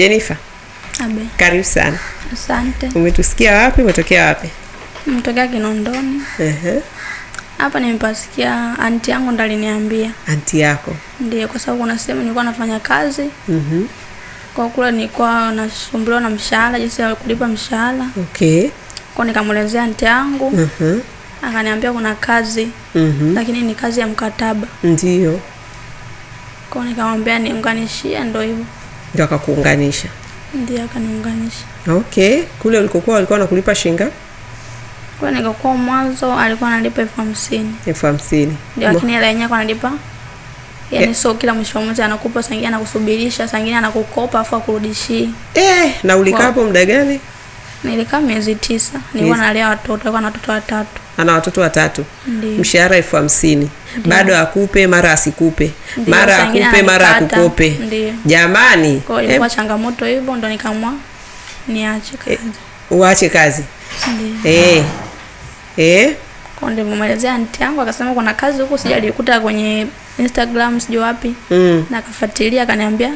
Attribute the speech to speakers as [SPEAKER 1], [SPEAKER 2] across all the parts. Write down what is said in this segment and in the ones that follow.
[SPEAKER 1] Jenifa, karibu sana. Asante. Umetusikia wapi? Umetokea wapi?
[SPEAKER 2] Umetokea Kinondoni. Ehe. Hapa nimepasikia anti yangu ndo aliniambia.
[SPEAKER 1] Anti yako?
[SPEAKER 2] ndio kwa sababu kuna sehemu nilikuwa nafanya kazi. Mhm. Kwa kule nilikuwa nasumbuliwa na mshahara, jinsi ya kulipa mshahara. Okay. Kwa nikamwelezea anti yangu. Mhm. Akaniambia kuna kazi. Mhm. Lakini ni kazi ya mkataba. ndio Kwa nikamwambia niunganishie, ndio hivyo
[SPEAKER 1] ndio akakuunganisha?
[SPEAKER 2] Ndio akaniunganisha.
[SPEAKER 1] Okay, kule ulikokuwa walikuwa nakulipa shinga?
[SPEAKER 2] Kwa nikakuwa mwanzo alikuwa analipa elfu hamsini.
[SPEAKER 1] Elfu hamsini.
[SPEAKER 2] Ndio, lakini hela yenyewe analipa Yaani yeah. Sio kila mwisho wa mwezi anakupa, sangine anakusubirisha, sangine anakukopa afu akurudishii.
[SPEAKER 1] Eh, na ulikaa hapo muda gani?
[SPEAKER 2] Nilikaa miezi tisa. Nilikuwa nalea watoto, nilikuwa na watoto watatu
[SPEAKER 1] ana watoto watatu, mshahara elfu hamsini bado akupe mara asikupe mara akupe mara akukope. Jamani,
[SPEAKER 2] ilikuwa eh. changamoto hivyo, ndo nikaamua niache eh, kazi.
[SPEAKER 1] Uache kazi eh, eh
[SPEAKER 2] Nilivyomuelezea anti yangu akasema kuna kazi huku sijalikuta kwenye Instagram sijui wapi mm. na akaniambia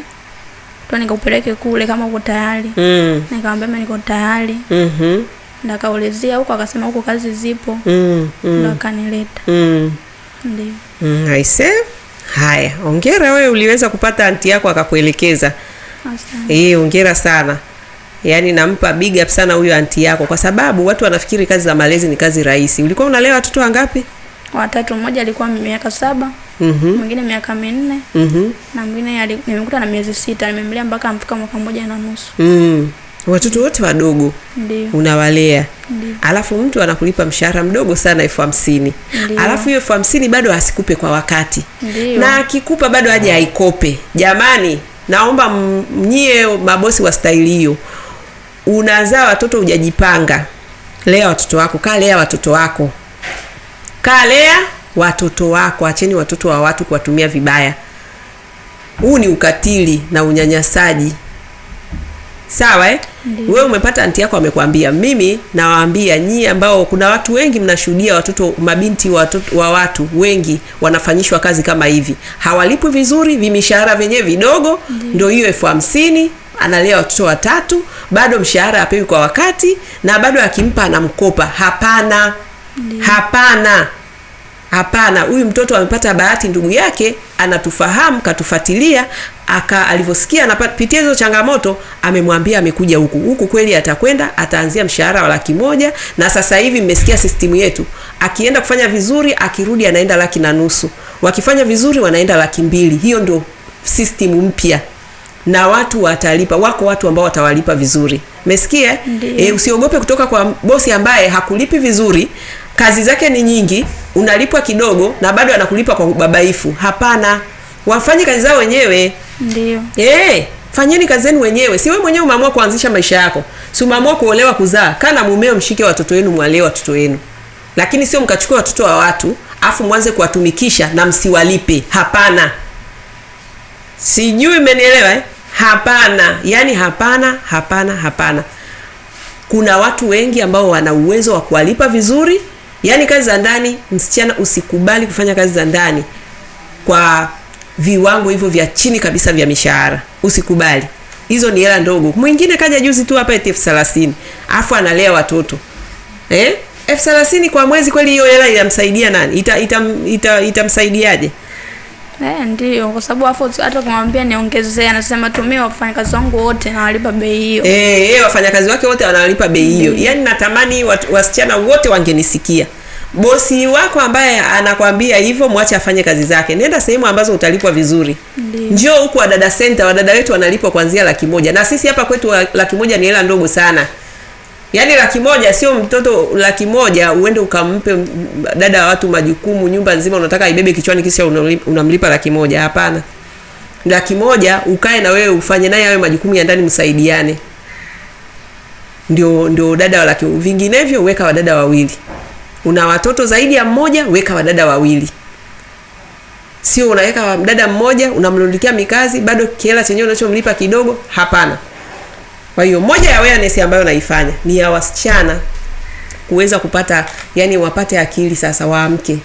[SPEAKER 2] tu nikupeleke kule kama uko tayari mm. nikamwambia mimi niko tayari mm -hmm na kaulizia huko, akasema huko kazi zipo
[SPEAKER 1] mm, mm,
[SPEAKER 2] na akanileta mm. Ndio
[SPEAKER 1] mm, aise, haya, ongera wewe, uliweza kupata anti yako akakuelekeza. Eh, ongera sana Yaani nampa big up sana huyo anti yako, kwa sababu watu wanafikiri kazi za malezi ni kazi rahisi. Ulikuwa unalea watoto wangapi?
[SPEAKER 2] Watatu, mmoja alikuwa miaka saba, mm -hmm. mwingine miaka minne mm -hmm. na mwingine nimekuta na miezi sita, nimemlea mpaka amfika mwaka mmoja na nusu
[SPEAKER 1] mm watoto wote wadogo unawalea, alafu mtu anakulipa mshahara mdogo sana elfu hamsini alafu hiyo elfu hamsini bado asikupe kwa wakati Ndiyo. na akikupa bado aje aikope. Jamani, naomba mnyie mabosi wa staili hiyo, unazaa watoto hujajipanga. Lea watoto wako, kaa lea watoto wako, kaa lea watoto wako. Acheni watoto wa watu kuwatumia vibaya. Huu ni ukatili na unyanyasaji. Sawa eh? Wewe umepata anti yako amekwambia. Mimi nawaambia nyie, ambao kuna watu wengi mnashuhudia watoto mabinti watoto, wa watu wengi wanafanyishwa kazi kama hivi, hawalipwi vizuri, vimishahara vyenyewe vidogo, ndio hiyo elfu hamsini analea watoto watatu, bado mshahara apewi kwa wakati, na bado akimpa anamkopa. Hapana, hapana, hapana. Huyu mtoto amepata bahati, ndugu yake anatufahamu, katufuatilia, aka alivyosikia anapitia hizo changamoto, amemwambia amekuja huku huku, kweli atakwenda, ataanzia mshahara wa laki moja na sasa hivi mmesikia sistimu yetu, akienda kufanya vizuri, akirudi anaenda laki na nusu, wakifanya vizuri wanaenda laki mbili. Hiyo ndio sistimu mpya na watu watalipa. Wako watu ambao watawalipa vizuri, mmesikia e, usiogope kutoka kwa bosi ambaye hakulipi vizuri, kazi zake ni nyingi, unalipwa kidogo na bado anakulipa kwa ubabaifu. Hapana, wafanye kazi zao wenyewe. Ndio. Eh, fanyeni kazi zenu wenyewe. Si mwenyewe umeamua kuanzisha maisha yako. Si umeamua kuolewa, kuzaa. Kana mumeo, mshike watoto wenu, mwalee watoto wenu. Lakini sio mkachukua watoto wa watu afu mwanze kuwatumikisha na msiwalipe. Hapana. Sijui umenielewa eh? Hapana. Yaani hapana, hapana, hapana. Kuna watu wengi ambao wana uwezo wa kuwalipa vizuri. Yaani kazi za ndani, msichana usikubali kufanya kazi za ndani kwa viwango hivyo vya chini kabisa vya mishahara. Usikubali, hizo ni hela ndogo. Mwingine kaja juzi tu hapa eti elfu thelathini afu analea watoto eh? elfu thelathini kwa mwezi, kweli hiyo hela inamsaidia nani? Itamsaidiaje? ita, ita, ita
[SPEAKER 2] Eh, ndio kwa sababu afu hata kumwambia niongezee anasema tumie wafanyakazi wangu wote na walipa bei hiyo.
[SPEAKER 1] Eh, eh wafanyakazi wake wote wanawalipa bei hiyo. Mm. Yaani natamani wasichana wote wangenisikia bosi wako ambaye anakwambia hivyo, mwache afanye kazi zake, nenda sehemu ambazo utalipwa vizuri. njio huku Wadada Center, wadada wetu wanalipwa kwanzia laki moja na sisi hapa kwetu laki moja ni hela ndogo sana. Yaani laki moja sio mtoto, laki moja uende ukampe dada wa watu majukumu, nyumba nzima unataka ibebe kichwani, kisha unamlipa laki moja? Hapana, laki moja ukae na wewe ufanye naye awe majukumu ya ndani, msaidiane. Ndio, ndio dada wa laki. Vinginevyo weka wadada wawili una watoto zaidi ya mmoja, weka wadada wawili, sio unaweka dada mmoja unamlundikia mikazi, bado kiela chenyewe unachomlipa kidogo. Hapana. Kwa hiyo moja ya awareness ambayo naifanya ni ya wasichana kuweza kupata, yani wapate akili sasa, waamke.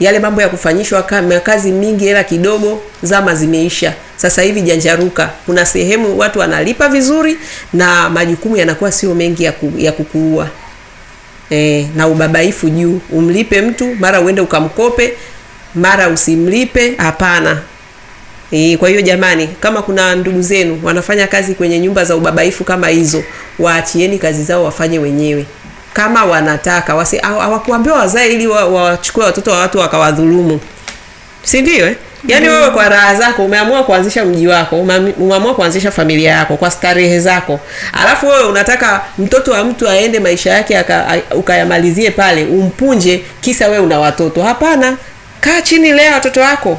[SPEAKER 1] Yale mambo ya kufanyishwa kazi mingi hela kidogo, zama zimeisha. Sasa hivi janjaruka, kuna sehemu watu wanalipa vizuri na majukumu yanakuwa sio mengi ya, ku, ya kukuua eh, na ubabaifu juu. Umlipe mtu mara uende ukamkope mara usimlipe, hapana. E, kwa hiyo jamani, kama kuna ndugu zenu wanafanya kazi kwenye nyumba za ubabaifu kama hizo, waachieni kazi zao wafanye wenyewe kama wanataka. Wasi hawakuambiwa wazae ili wa watoto wa watu wakawadhulumu, si ndio eh? Yaani wewe kwa raha zako umeamua kuanzisha mji wako, umeamua kuanzisha familia yako kwa starehe zako. Alafu wewe unataka mtoto wa mtu aende maisha yake ukayamalizie pale, umpunje kisa wewe una watoto. Hapana. Kaa chini, lea watoto wako.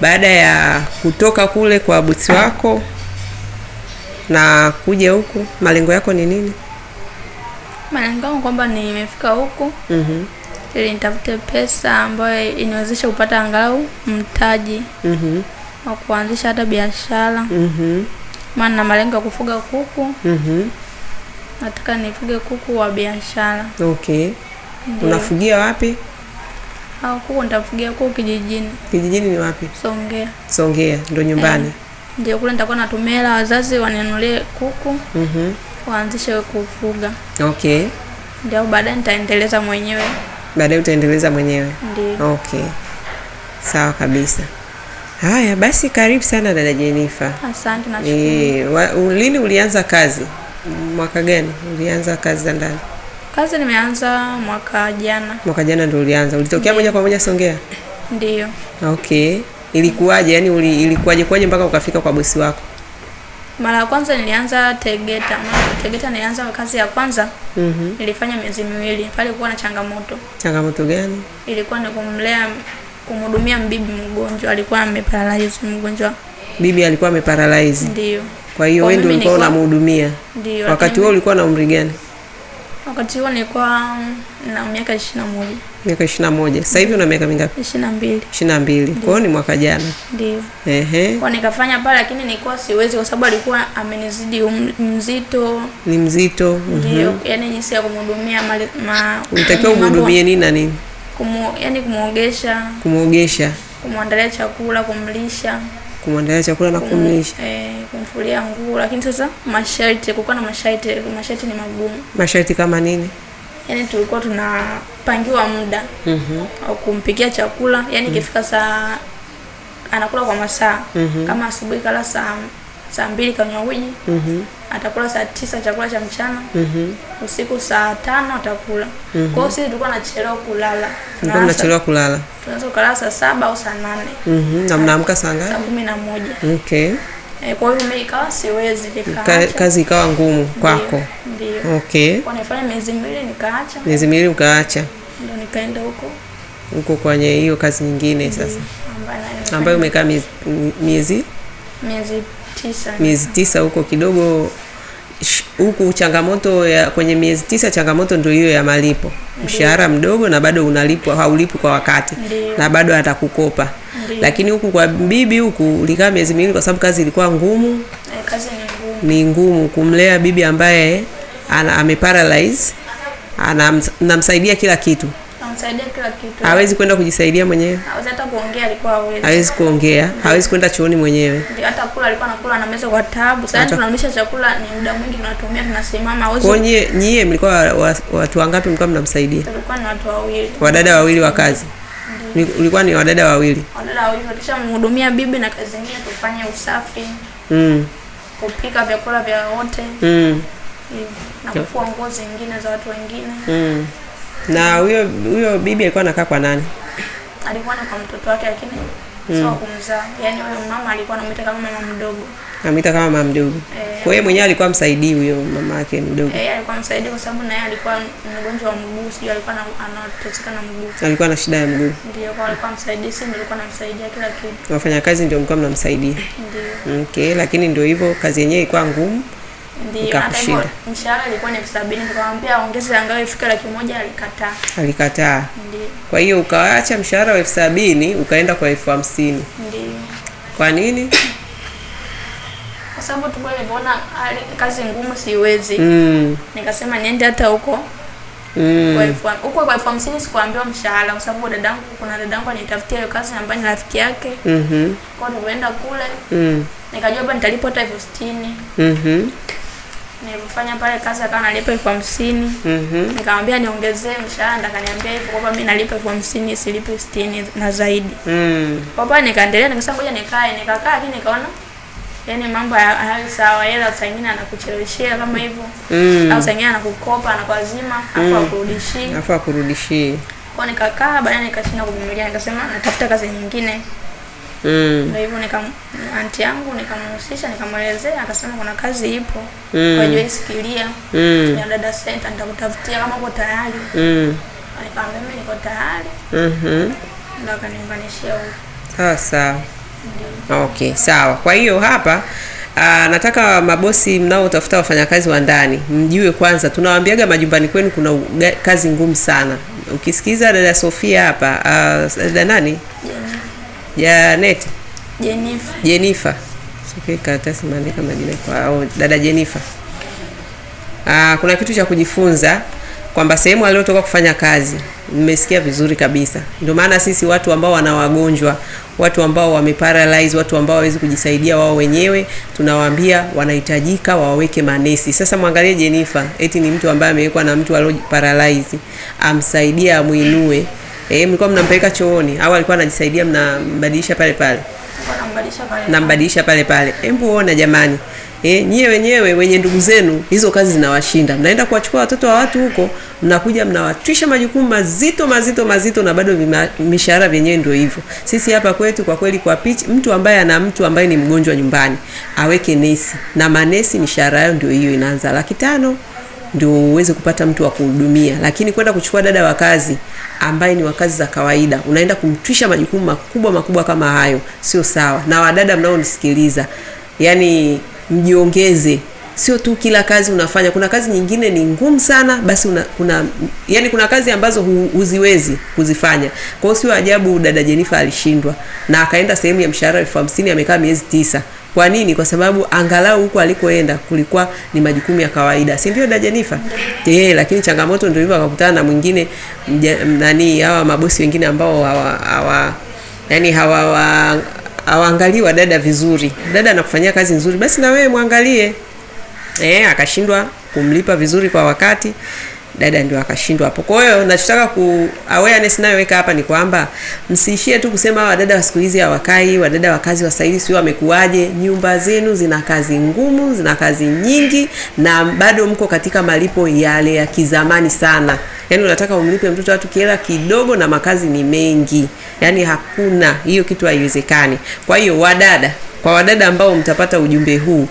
[SPEAKER 1] Baada ya kutoka kule kwa bosi wako na kuja huku, malengo yako ni nini?
[SPEAKER 2] Malengo yangu kwamba nimefika huku. mm-hmm ili nitafute pesa ambayo iniwezeshe kupata angalau mtaji mm -hmm. wa kuanzisha hata biashara mm -hmm. maana na malengo ya kufuga kuku mm -hmm. nataka nifuge kuku wa biashara.
[SPEAKER 1] Okay, unafugia wapi?
[SPEAKER 2] Au kuku nitafugia kuku kijijini.
[SPEAKER 1] Kijijini ni wapi? Songea. Songea ndo nyumbani eh.
[SPEAKER 2] Ndio kule nitakuwa natumia hela wazazi waninunulie kuku
[SPEAKER 1] mm -hmm.
[SPEAKER 2] waanzishe kufuga. Okay, ndio baadaye nitaendeleza mwenyewe
[SPEAKER 1] baadaye utaendeleza mwenyewe. Ndiyo. Okay, sawa kabisa. Haya basi, karibu sana dada Jenifa. Asante na shukrani. E, lini ulianza kazi? Mwaka gani ulianza kazi za ndani?
[SPEAKER 2] Kazi nimeanza mwaka jana.
[SPEAKER 1] Mwaka jana ndio ulianza? Ulitokea moja kwa moja Songea? Ndiyo. Okay, ilikuwaje? Yani ilikuwaje kwaje mpaka ukafika kwa bosi wako?
[SPEAKER 2] Mara ya kwanza nilianza Tegeta. Mara Tegeta nilianza kazi ya kwanza. mm -hmm. nilifanya miezi miwili. Pale kulikuwa na changamoto.
[SPEAKER 1] Changamoto gani?
[SPEAKER 2] Ilikuwa ni kumlea kumhudumia mbibi mgonjwa, alikuwa ameparalyze mgonjwa.
[SPEAKER 1] Bibi alikuwa ameparalyze. Ndio. Kwa hiyo wewe ndio ulikuwa unamhudumia. Ndio. Wakati huo ulikuwa na umri gani?
[SPEAKER 2] Wakati huo nilikuwa na miaka ishirini na moja.
[SPEAKER 1] Miaka ishirini na moja. Sasa hivi una miaka mingapi?
[SPEAKER 2] ishirini na mbili.
[SPEAKER 1] ishirini na mbili. Kwa hiyo ni mwaka jana. Ndio. Ehe.
[SPEAKER 2] Kwa nikafanya pale, lakini nilikuwa siwezi, kwa sababu alikuwa amenizidi um, mzito.
[SPEAKER 1] Ni mzito. Ndio. Mm
[SPEAKER 2] -hmm. Yaani jinsi ya kumhudumia ma,
[SPEAKER 1] unatakiwa umhudumie nini na nini?
[SPEAKER 2] Kumu, yaani kumuogesha
[SPEAKER 1] kumuogesha
[SPEAKER 2] Kumwandalia chakula, kumlisha
[SPEAKER 1] kumwandalia chakula na kumlisha
[SPEAKER 2] eh, kumfulia nguo, lakini sasa masharti, kulikuwa na masharti, masharti ni magumu.
[SPEAKER 1] Masharti kama nini?
[SPEAKER 2] yani tulikuwa tunapangiwa muda
[SPEAKER 1] mm -hmm.
[SPEAKER 2] au kumpikia chakula, yani mhm. ikifika mm -hmm. saa anakula kwa masaa mm -hmm. kama asubuhi kala saa saa mbili kanywa uji mm -hmm. atakula saa tisa chakula cha mchana
[SPEAKER 1] mm -hmm.
[SPEAKER 2] usiku saa tano atakula mm -hmm. kwa sisi tulikuwa nachelewa kulala,
[SPEAKER 1] nachelewa kulala,
[SPEAKER 2] tunaweza kulala saa saba au saa nane
[SPEAKER 1] mm -hmm. na mnaamka saa ngapi? saa
[SPEAKER 2] kumi na moja okay. E, kwa hiyo mimi ikawa siwezi nikaacha.
[SPEAKER 1] Kazi ikawa ngumu kwako? Ndio. Okay. Kwa
[SPEAKER 2] nifanya miezi miwili nikaacha.
[SPEAKER 1] Miezi miwili ukaacha?
[SPEAKER 2] Ndio, nikaenda huko
[SPEAKER 1] huko kwenye hiyo kazi nyingine sasa ambayo umekaa miezi
[SPEAKER 2] miezi tisa.
[SPEAKER 1] Miezi tisa huko kidogo huku changamoto ya kwenye miezi tisa, changamoto ndio hiyo ya malipo. Mshahara mdogo na bado unalipwa, haulipwi kwa wakati Ndiyo. na bado atakukopa Ndiyo. Lakini huku kwa bibi huku ulikaa miezi miwili, kwa sababu kazi ilikuwa ngumu. Eh,
[SPEAKER 2] kazi ni ngumu,
[SPEAKER 1] ni ngumu kumlea bibi ambaye ana, ame paralyze anamsaidia kila kitu
[SPEAKER 2] kumsaidia kila kitu.
[SPEAKER 1] Hawezi kwenda kujisaidia mwenyewe.
[SPEAKER 2] Hawezi hata kuongea alikuwa hawezi.
[SPEAKER 1] Hawezi kuongea, mm. hawezi kwenda chooni mwenyewe. Ndio
[SPEAKER 2] Hata kula alikuwa anakula na meza kwa taabu. Sasa tunamlisha chakula ni muda mwingi tunatumia tunasimama hawezi.
[SPEAKER 1] Kwa nyie nyie mlikuwa watu wangapi mlikuwa mnamsaidia? Tulikuwa
[SPEAKER 2] ni watu wawili.
[SPEAKER 1] Wadada wawili wa kazi. Ulikuwa ni wadada wawili.
[SPEAKER 2] Wadada wawili mhudumia bibi na kazi nyingine tufanye usafi. Mm. Kupika vyakula vya wote. Mm. Na kufua nguo zingine za watu wengine.
[SPEAKER 1] Mm. Na huyo huyo bibi alikuwa anakaa kwa nani?
[SPEAKER 2] Alikuwa na kwa mtoto wake lakini mm. sio kumzaa. Yaani huyo mama alikuwa anamuita kama mama mdogo.
[SPEAKER 1] Anamuita kama mama mdogo. E, kwa hiyo mwenyewe alikuwa msaidii huyo mama yake mdogo.
[SPEAKER 2] Eh, alikuwa msaidii kwa sababu naye alikuwa mgonjwa wa mguu, sio alikuwa anateseka na mguu.
[SPEAKER 1] Alikuwa na shida ya mguu.
[SPEAKER 2] Ndio, kwa alikuwa msaidii, si ndio alikuwa anamsaidia kila kitu.
[SPEAKER 1] Wafanya kazi ndio mlikuwa mnamsaidia. Ndio. Okay, lakini ndio hivyo kazi yenyewe ilikuwa ngumu
[SPEAKER 2] ndio mshahara ilikuwa ni elfu sabini nikamwambia ongeze angalau ifike laki moja alikataa.
[SPEAKER 1] Alikataa. Ndiyo. Kwa hiyo ukaacha mshahara wa elfu sabini ukaenda kwa elfu hamsini. Ndiyo. Kwa nini?
[SPEAKER 2] Kwa sababu tulikuwa niliona kazi ngumu siwezi. Mm. Nikasema niende hata huko. Mm. Kwa huko kwa elfu hamsini sikuambiwa mshahara kwa sababu dadangu kuna dadangu anitafutia hiyo kazi ambayo ni rafiki yake. Mhm. Mm kwa hiyo nilienda kule. Mm. Nikajua hapa nitalipa hata elfu sitini. Mhm. Mm Nilipofanya pale kazi akawa nalipa elfu hamsini. Mhm. Nikamwambia niongezee mshahara, ndakaniambia hivyo kwamba mimi nalipa elfu hamsini silipi sitini na zaidi. Mhm. Kwa pale nikaendelea nikasema ngoja nikae, nikakaa lakini nikaona yaani mambo hayo sawa, hela saa nyingine anakucheleweshea kama hivyo. Mhm. Au saa nyingine anakukopa, anakuazima, afu mm. akurudishie.
[SPEAKER 1] Afu akurudishie.
[SPEAKER 2] Kwa nikakaa baadaye nikashinda kuvumilia, nikasema natafuta kazi nyingine. Mm. Ndio hivyo nika anti yangu nikamhusisha nikamwelezea, akasema kuna kazi ipo mm. kwa hiyo isikilia mm. ya dada center nitakutafutia kama uko tayari mm. Nikamwambia mimi niko tayari
[SPEAKER 1] mhm,
[SPEAKER 2] ndio akaniunganishia huko.
[SPEAKER 1] Sasa okay, sawa. Kwa hiyo hapa Aa, ah, nataka mabosi mnaotafuta wafanyakazi wa ndani mjue kwanza, tunawaambiaga majumbani kwenu kuna uga, kazi ngumu sana. Ukisikiza dada Sofia hapa, ah, dada nani? Yeah. Janet Jenifa, Jenifa. Karatasi maandika majina kwa au dada Jenifa. Ah, kuna kitu cha kujifunza kwamba sehemu aliyotoka kufanya kazi, nimesikia vizuri kabisa. Ndio maana sisi watu ambao wana wagonjwa, watu ambao wameparalyze, watu ambao hawezi kujisaidia wao wenyewe, tunawaambia wanahitajika waweke manesi. Sasa mwangalie Jenifa, eti ni mtu ambaye amewekwa na mtu aliyoparalyze, amsaidie, amuinue. Eh, mlikuwa mnampeleka chooni au alikuwa anajisaidia mnambadilisha pale pale? Nambadilisha pale pale. Hebu ona jamani. Eh, nyie wenyewe wenye ndugu zenu hizo kazi zinawashinda. Mnaenda kuwachukua watoto wa watu huko, mnakuja mnawatwisha majukumu mazito mazito mazito na bado mishahara vyenyewe ndio hivyo. Sisi hapa kwetu kwa kweli kwa pichi mtu ambaye ana mtu ambaye ni mgonjwa nyumbani aweke nesi na manesi mishahara yao ndio hiyo inaanza laki tano ndio uweze kupata mtu wa kuhudumia, lakini kwenda kuchukua dada wa kazi ambaye ni wakazi za kawaida, unaenda kumtwisha majukumu makubwa makubwa kama hayo, sio sawa. Na wadada mnaonisikiliza, yani mjiongeze sio tu kila kazi unafanya. Kuna kazi nyingine ni ngumu sana, basi una, kuna yani kuna kazi ambazo hu, huziwezi kuzifanya. Kwa hiyo sio ajabu dada Jenifer alishindwa na akaenda sehemu ya mshahara elfu hamsini amekaa miezi tisa. Kwa nini? Kwa sababu angalau huko alikoenda kulikuwa ni majukumu ya kawaida, si ndio dada yeah. Eh, yeah, lakini changamoto ndio hivyo, akakutana na mwingine nani, hawa mabosi wengine ambao hawa, hawa yani hawa hawaangalii dada vizuri. Dada anakufanyia kazi nzuri, basi na wewe mwangalie eh, akashindwa kumlipa vizuri kwa wakati, dada ndio akashindwa hapo. Kwa hiyo nachotaka ku awareness nayoweka hapa ni kwamba msiishie tu kusema wadada wa siku hizi hawakai, wadada wa kazi wa sasa hivi sio wamekuaje. Nyumba zenu zina kazi ngumu, zina kazi nyingi, na bado mko katika malipo yale ya kizamani sana. Yaani unataka umlipe mtoto watu kila kidogo na makazi ni mengi, yaani hakuna hiyo kitu, haiwezekani. Kwa hiyo wadada, kwa wadada ambao mtapata ujumbe huu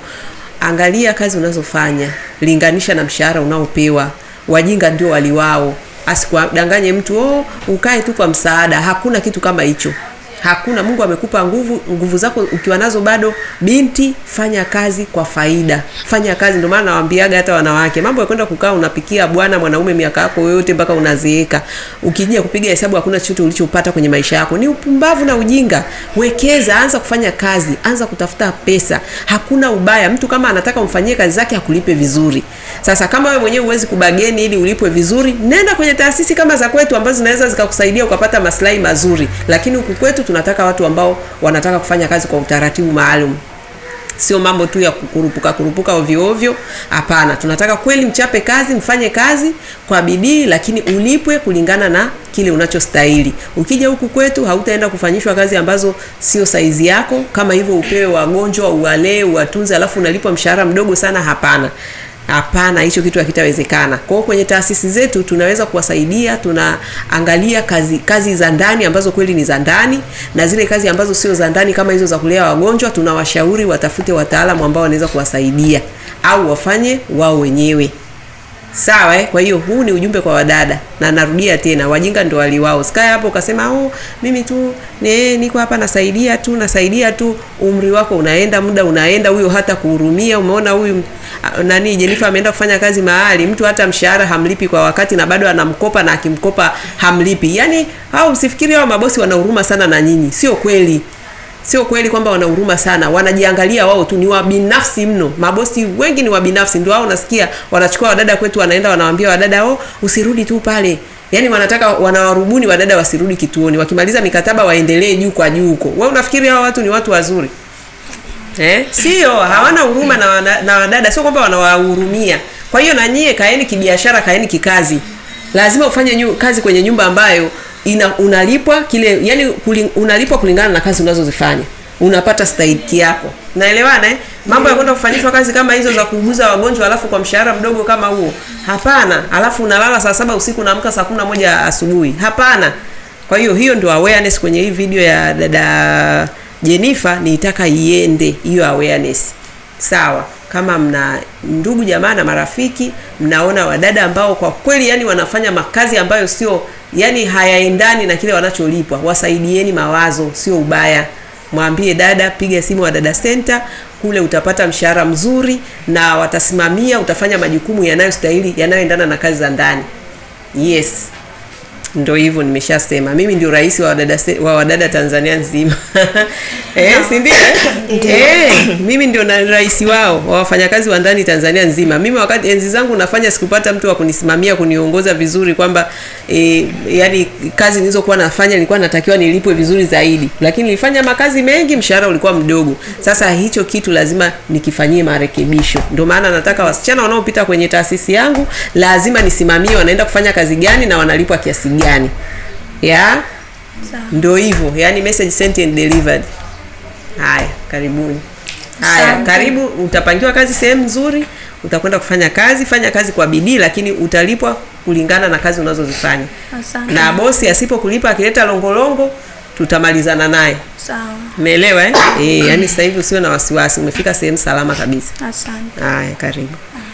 [SPEAKER 1] angalia kazi unazofanya, linganisha na mshahara unaopewa. Wajinga ndio waliwao. Asikudanganye mtu, oh, ukae tu kwa msaada. Hakuna kitu kama hicho hakuna. Mungu amekupa nguvu, nguvu zako ukiwa nazo bado binti, fanya kazi kwa faida, fanya kazi. Ndio maana nawaambiaga hata wanawake, mambo ya kwenda kukaa unapikia bwana mwanaume miaka yako yote mpaka unazeeka, ukija kupiga hesabu hakuna chochote ulichopata kwenye maisha yako, ni upumbavu na ujinga. Wekeza, anza kufanya kazi, anza kutafuta pesa. Hakuna ubaya, mtu kama anataka umfanyie kazi zake akulipe vizuri. Sasa kama wewe mwenyewe huwezi kubageni ili ulipwe vizuri, nenda kwenye taasisi kama za kwetu ambazo zinaweza zikakusaidia ukapata maslahi mazuri, lakini huku kwetu tunataka watu ambao wanataka kufanya kazi kwa utaratibu maalum, sio mambo tu ya kukurupuka kurupuka ovyo ovyo. Hapana, tunataka kweli mchape kazi, mfanye kazi kwa bidii, lakini ulipwe kulingana na kile unachostahili. Ukija huku kwetu hautaenda kufanyishwa kazi ambazo sio saizi yako, kama hivyo upewe wagonjwa uwalee, uwatunze, alafu unalipwa mshahara mdogo sana. Hapana. Hapana, hicho kitu hakitawezekana. Kwa kwenye taasisi zetu tunaweza kuwasaidia, tunaangalia kazi kazi za ndani ambazo kweli ni za ndani na zile kazi ambazo sio za ndani kama hizo za kulea wagonjwa, tunawashauri watafute wataalamu ambao wanaweza kuwasaidia au wafanye wao wenyewe. Sawa eh? Kwa hiyo huu ni ujumbe kwa wadada, na narudia tena, wajinga ndio waliwao. Sikae hapo ukasema oh, mimi tu ne, niko hapa nasaidia tu nasaidia tu. Umri wako unaenda, muda unaenda, huyo hata kuhurumia. Umeona huyu nani Jenifa ameenda kufanya kazi mahali, mtu hata mshahara hamlipi kwa wakati na bado anamkopa, na akimkopa hamlipi. Yani hao, msifikiri hao mabosi wana huruma sana na nyinyi, sio kweli. Sio kweli kwamba wana huruma sana, wanajiangalia wao tu, ni wabinafsi mno. Mabosi wengi ni wabinafsi, ndio wao nasikia wanachukua wadada kwetu, wanaenda wanawaambia wadada wao, oh, usirudi tu pale Yaani wanataka wanawarubuni wadada wasirudi kituoni, wakimaliza mikataba waendelee juu kwa juu huko. Wewe unafikiri hawa watu ni watu wazuri eh? Sio, hawana huruma na, wana, na wadada sio kwamba wanawahurumia. Kwa hiyo na nyie kaeni kibiashara, kaeni kikazi. Lazima ufanye nyu, kazi kwenye nyumba ambayo ina unalipwa kile yani kuling, unalipwa kulingana na kazi unazozifanya unapata staiki yako naelewana eh? mambo ya kwenda kufanyishwa kazi kama hizo za kuuguza wagonjwa alafu kwa mshahara mdogo kama huo hapana alafu unalala saa saba usiku unaamka saa kumi na moja asubuhi hapana kwa hiyo hiyo ndio awareness kwenye hii video ya dada Jenifa niitaka iende hiyo awareness sawa kama mna ndugu jamaa na marafiki, mnaona wadada ambao kwa kweli yani wanafanya makazi ambayo sio yani hayaendani na kile wanacholipwa, wasaidieni mawazo, sio ubaya. Mwambie dada, piga simu wa dada center kule, utapata mshahara mzuri na watasimamia, utafanya majukumu yanayostahili yanayoendana na kazi za ndani. Yes. Ndo hivyo nimeshasema, mimi ndio rais wa wadada wa wadada Tanzania nzima eh, no. si eh? ndio? Eh, mimi ndio na rais wao wa wafanyakazi wa ndani Tanzania nzima. Mimi wakati enzi zangu nafanya sikupata mtu wa kunisimamia kuniongoza vizuri, kwamba eh, yani kazi nilizokuwa nafanya nilikuwa natakiwa nilipwe vizuri zaidi, lakini nilifanya makazi mengi, mshahara ulikuwa mdogo. Sasa hicho kitu lazima nikifanyie marekebisho. Ndio maana nataka wasichana wanaopita kwenye taasisi yangu lazima nisimamie wanaenda kufanya kazi gani na wanalipwa kiasi gani ya ndio hivyo, yani message sent and delivered. Haya, karibuni. Haya, karibu. Utapangiwa kazi sehemu nzuri, utakwenda kufanya kazi. Fanya kazi kwa bidii, lakini utalipwa kulingana na kazi unazozifanya. Na bosi asipokulipa akileta longolongo, tutamalizana naye. Sawa, umeelewa eh? Eh, yani sasa hivi usiwe na wasiwasi, umefika sehemu salama kabisa. Asante. Haya, karibu.